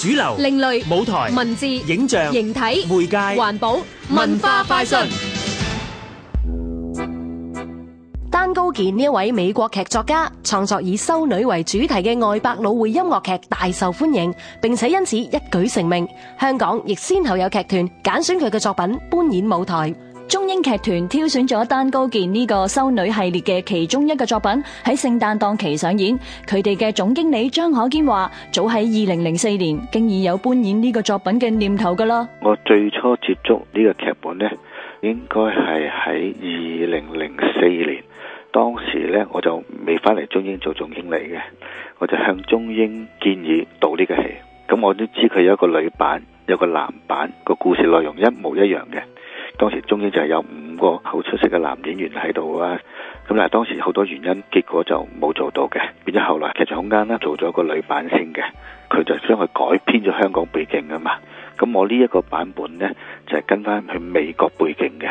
主流、另類舞台、文字、影像、形體、媒介、環保、文化快訊。單高健呢一位美國劇作家，創作以修女為主題嘅外百老匯音樂劇大受歡迎，並且因此一舉成名。香港亦先後有劇團揀選佢嘅作品搬演舞台。中英劇團挑選咗《丹高健》呢個修女系列嘅其中一個作品，喺聖誕檔期上演。佢哋嘅總經理張可堅話，早喺二零零四年，經已有搬演呢個作品嘅念頭噶啦。我最初接觸呢個劇本呢，應該係喺二零零四年。當時呢，我就未翻嚟中英做總經理嘅，我就向中英建議導呢個戲。咁我都知佢有一個女版，有個男版，個故事內容一模一樣嘅。當時中英就係有五個好出色嘅男演員喺度啊。咁但係，當時好多原因，結果就冇做到嘅。變咗後來劇場空間啦，做咗個女版先嘅，佢就將佢改編咗香港背景啊嘛。咁我呢一個版本呢，就係、是、跟翻去美國背景嘅。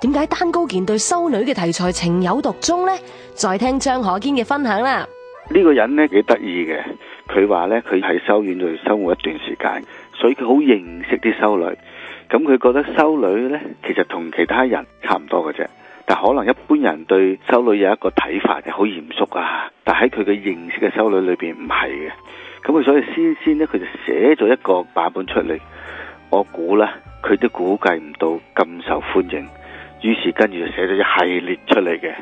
點解單高健對修女嘅題材情有獨鍾呢？再聽張可堅嘅分享啦。呢個人呢，幾得意嘅，佢話呢，佢喺修院度生活一段時間，所以佢好認識啲修女。咁佢覺得修女呢，其實同其他人差唔多嘅啫。但可能一般人對修女有一個睇法，就好嚴肅啊。但喺佢嘅認識嘅修女裏邊唔係嘅。咁佢所以先先呢，佢就寫咗一個版本出嚟。我估呢，佢都估計唔到咁受歡迎。於是跟住就寫咗一系列出嚟嘅。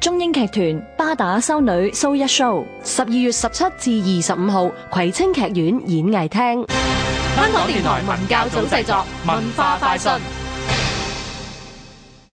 中英劇團巴打修女 show 一 show，十二月十七至二十五號，葵青劇院演藝廳。香港電台文教組製作，文化快訊。